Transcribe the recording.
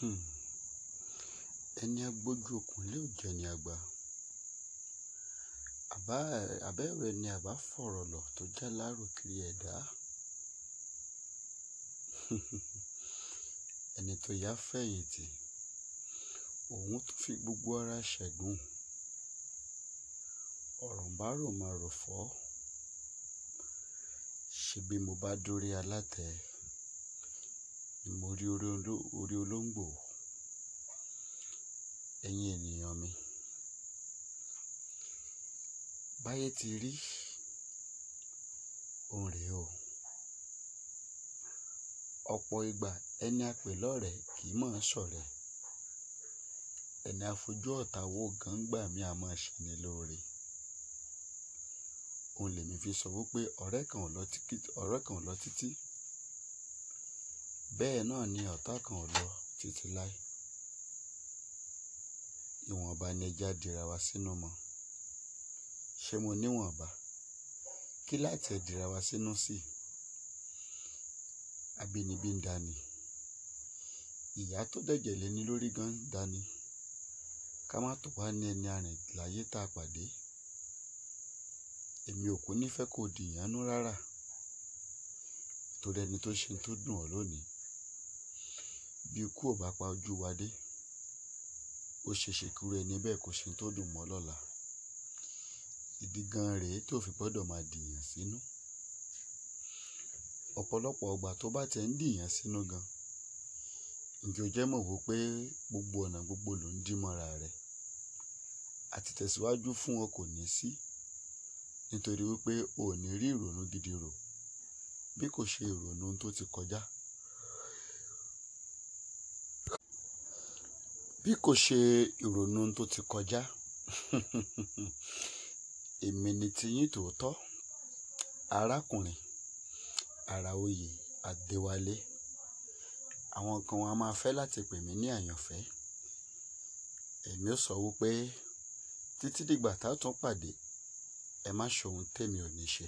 Hmm. ẹni agbójú òkunlé ò jẹ́ ni àgbà àbẹ́rò ẹni àbá fọ̀rọ̀ lọ tó jẹ́ láròkiri ẹ̀dá ẹni tó yá fẹ̀yìntì òun tó fi gbogbo ara ṣẹ̀gùn ọ̀rọ̀ ń bá rò máa rò fọ́ ṣe bí mo bá dórí alátẹ ni mo rí orí olóńgbò. Ẹ̀yin ènìyàn mi, báyé ti rí, òun rè o. Ọ̀pọ̀ ìgbà ẹni a pè lọ́rẹ̀ẹ́ kì í mọ̀ sọ̀rẹ́. Ẹni a fojú ọ̀tá wò gan ngbà mí a máa ṣe ni lóore. Òun lè mi fi sọ wípé ọ̀rẹ́ kan ò lọ títí. Bẹ́ẹ̀ náà ni ọ̀tá kan ò lọ títí láé. Ìwọ̀nba ni ẹ já dira wa sínú mọ́. Ṣé mo ní Kí láì tẹ wa sínú sí? Abínibí ń dani. Ìyá tó dẹ̀jẹ̀ lé ní lórí gan dani. Ká má tó wá ní ẹni arìn láyé tá a pàdé. Èmi ò kú nífẹ̀ẹ́ kó dìyànú rárá. Torí ẹni tó ṣe tó dùn ọ́ lónìí. Bí ikú ò bá pa ojú wa dé, ó ṣe é ṣe kí irú ẹni bẹ́ẹ̀ kò ṣe ohun tó dùn mọ́ lọ́la. Ìdí gan rèé tó fi gbọ́dọ̀ máa dìyàn sínú. Ọ̀pọ̀lọpọ̀ ìgbà tó bá tiẹ̀ ń dìyàn sínú gan, ǹjẹ́ jẹ́ mọ̀ wípé gbogbo ọ̀nà gbogbo lò ń dí mọ́ra rẹ? Àti fún ọ kò ní sí, nítorí wípé o ò ní rí ìrònú gidi rò bí kò ṣe ìrònú tó ti kọjá. bí kò ṣe ìrònú tó ti kọjá èmi ni tiyín tòótọ́ arákùnrin Àràoyè Adéwálé àwọn kan wọn a máa fẹ́ láti pè mí ní àyànfẹ́ èmi ó sọ wípé títí dìgbà tá a tún pàdé ẹ má ṣohun tèmi ò ní ṣe.